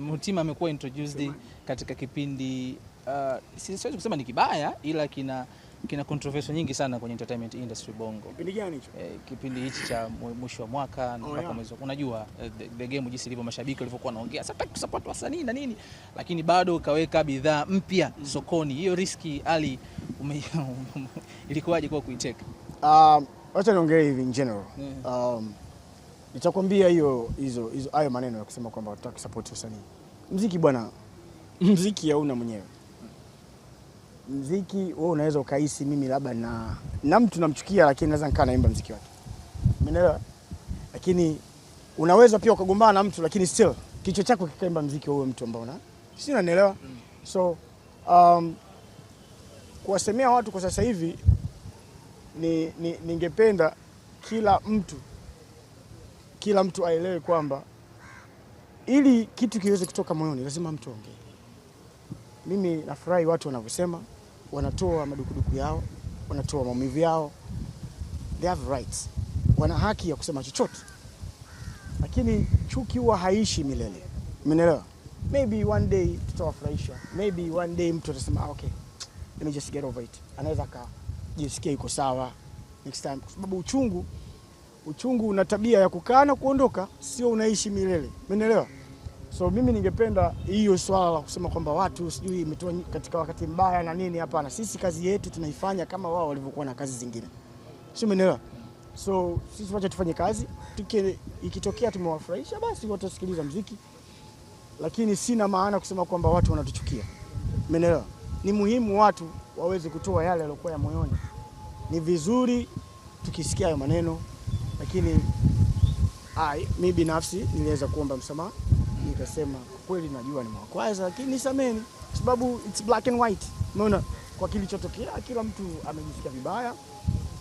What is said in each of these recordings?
Mtima amekuwa introduced katika kipindi uh, siwezi kusema ni kibaya, ila kina kina controversy nyingi sana kwenye entertainment industry Bongo. Kipindi gani hicho? Eh, kipindi hichi cha mwisho wa mwaka oh, mpaka oh, yeah. mwezi. Unajua eh, the, the game jinsi ilivyo, mashabiki walivyokuwa wanaongea sasa kusupport wasanii na nini, lakini bado ukaweka bidhaa mpya mm. sokoni. Hiyo riski ali ilikuwaje kwa kuiteka? Um, wacha niongee hivi in general. Um, nitakwambia hiyo hizo hizo hayo maneno ya kusema kwamba tunataka support usanii. Mziki bwana, mziki hauna mwenyewe. Mziki wewe unaweza ukahisi mimi labda na na mtu namchukia, lakini naweza nikaa naimba mziki wake, umeelewa? Lakini unaweza pia ukagombana na mtu, lakini still kichwa chako kikaimba mziki wa huyo mtu ambao una si unanielewa? So um, kuwasemea watu kwa sasa hivi ni ningependa kila mtu kila mtu aelewe kwamba ili kitu kiweze kutoka moyoni lazima mtu ongee. Mimi nafurahi watu wanavyosema, wanatoa madukuduku yao, wanatoa maumivu yao. They have rights, wana haki ya kusema chochote, lakini chuki huwa haishi milele. Umeelewa? Maybe one day tutawafurahisha, maybe one day mtu atasema ah, okay, let me just get over it. Anaweza akajisikia yuko sawa next time, kwa sababu uchungu Uchungu una tabia ya kukaa na kuondoka, sio unaishi milele, umeelewa? So mimi ningependa hiyo swala la kusema kwamba watu sijui imetoa katika wakati mbaya na nini, hapana. Sisi kazi yetu tunaifanya kama wao walivyokuwa na kazi zingine, sio, umeelewa? So sisi wacha tufanye kazi, ikitokea tumewafurahisha basi watasikiliza mziki, lakini sina maana kusema kwamba watu wanatuchukia, umeelewa? Ni muhimu watu waweze kutoa yale yaliokuwa ya moyoni. Ni vizuri tukisikia hayo maneno lakini mi binafsi niliweza kuomba msamaha, nikasema kweli najua nimewakwaza, lakini nisameni, sababu it's black and white. Unaona, kwa kilichotokea kila mtu amejisikia vibaya.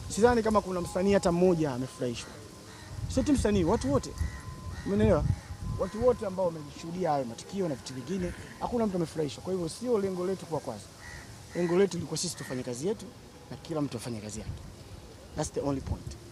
Sidhani kama kuna msanii hata mmoja amefurahishwa, sio tu msanii, watu wote, umeelewa? Watu wote ambao wameshuhudia hayo matukio na vitu vingine, hakuna mtu amefurahishwa. Kwa hivyo sio lengo letu kuwakwaza, lengo letu lilikuwa sisi tufanye kazi yetu na kila mtu afanye kazi yake. That's the only point.